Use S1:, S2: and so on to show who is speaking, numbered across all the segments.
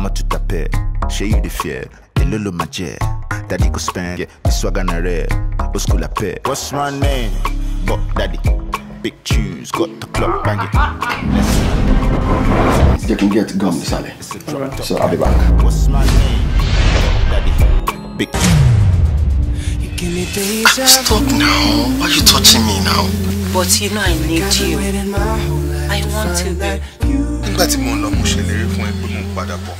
S1: Maman tu tapais, j'ai eu des fiers, et le lo magie. Daddy go spend, yeah, this swag on a rare, Bosco la paix. What's my name? But daddy, big tunes, got the clock banging. Let's They can get gum, Sally. Right. So I'll be back. What's my name? Daddy, big Stop now. Why are you touching me now? But you know I need you. I want to be. tí mò lọ mo ṣèlérí fún ẹ pé mò ń padà bọ̀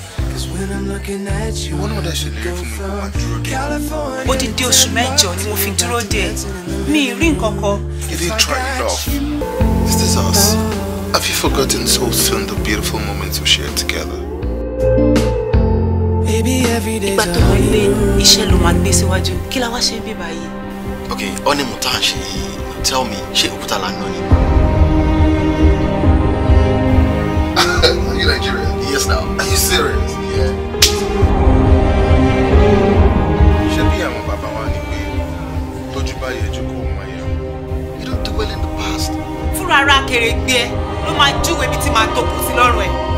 S1: wọ́n náà dẹ̀ ṣèlérí fún mi kó máa dúró dé. odidi oṣù mẹ́jọ ni mo fi dúró dé mi ì nǹkan kan. you didn't try enough. is this us? have you forgotten so soon the beautiful moments we shared together? ìgbà tó wọ ilé iṣẹ́ ló máa gbé síwájú kí la wá ṣe bí báyìí. okay ọ́ ni mo tá ṣe tell me ṣé òkúta la ń lọ ni. now. Are you serious? Yeah. Shebi, I'm a wa ní pé tójú bá yẹ jù kó máa yẹ You don't do well in the past. Furara ara kèrè gbé ẹ ló máa júwèé bí ti máa tó kù